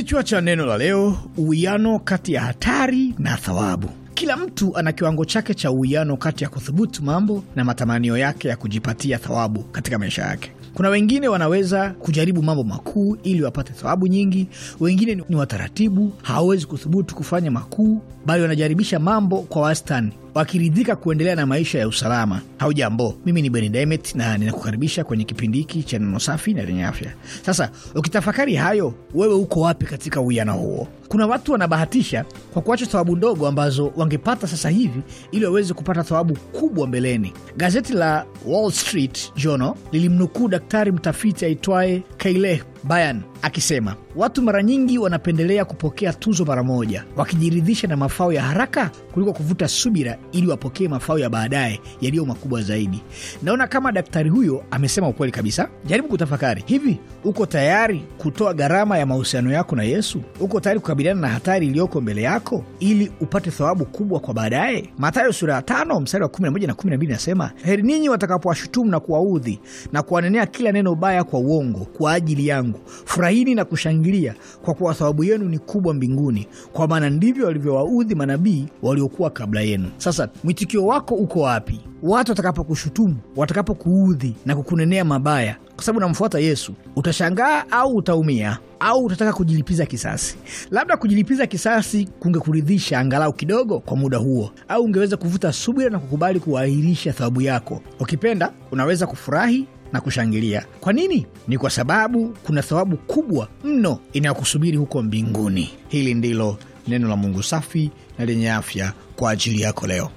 Kichwa cha neno la leo: uwiano kati ya hatari na thawabu. Kila mtu ana kiwango chake cha uwiano kati ya kuthubutu mambo na matamanio yake ya kujipatia thawabu katika maisha yake. Kuna wengine wanaweza kujaribu mambo makuu ili wapate thawabu nyingi. Wengine ni wataratibu, hawawezi kuthubutu kufanya makuu, bali wanajaribisha mambo kwa wastani wakiridhika kuendelea na maisha ya usalama. Haujambo, mimi ni Beni Demet na ninakukaribisha kwenye kipindi hiki cha neno safi na lenye afya. Sasa ukitafakari hayo, wewe uko wapi katika uwiano huo? Kuna watu wanabahatisha kwa kuacha thawabu ndogo ambazo wangepata sasa hivi ili waweze kupata thawabu kubwa mbeleni. Gazeti la Wall Street Journal lilimnukuu daktari mtafiti aitwaye Kaileh Bayan akisema watu mara nyingi wanapendelea kupokea tuzo mara moja, wakijiridhisha na mafao ya haraka kuliko kuvuta subira ili wapokee mafao ya baadaye yaliyo makubwa zaidi. Naona kama daktari huyo amesema ukweli kabisa. Jaribu kutafakari hivi, uko tayari kutoa gharama ya mahusiano yako na Yesu? Uko tayari kukabiliana na hatari iliyoko mbele yako ili upate thawabu kubwa kwa baadaye? Mathayo sura ya tano mstari wa 11 na 12 inasema, heri ninyi watakapowashutumu na kuwaudhi na kuwanenea kila neno baya kwa uongo kwa ajili yangu Mungu. Furahini na kushangilia, kwa kuwa thawabu yenu ni kubwa mbinguni, kwa maana ndivyo walivyowaudhi manabii waliokuwa kabla yenu. Sasa mwitikio wako uko wapi? Watu watakapokushutumu, watakapokuudhi na kukunenea mabaya kwa sababu namfuata Yesu, utashangaa au utaumia au utataka kujilipiza kisasi? Labda kujilipiza kisasi kungekuridhisha angalau kidogo kwa muda huo, au ungeweza kuvuta subira na kukubali kuahirisha thawabu yako. Ukipenda unaweza kufurahi na kushangilia. Kwa nini? Ni kwa sababu kuna thawabu kubwa mno inayokusubiri huko mbinguni. Hili ndilo neno la Mungu safi na lenye afya kwa ajili yako leo.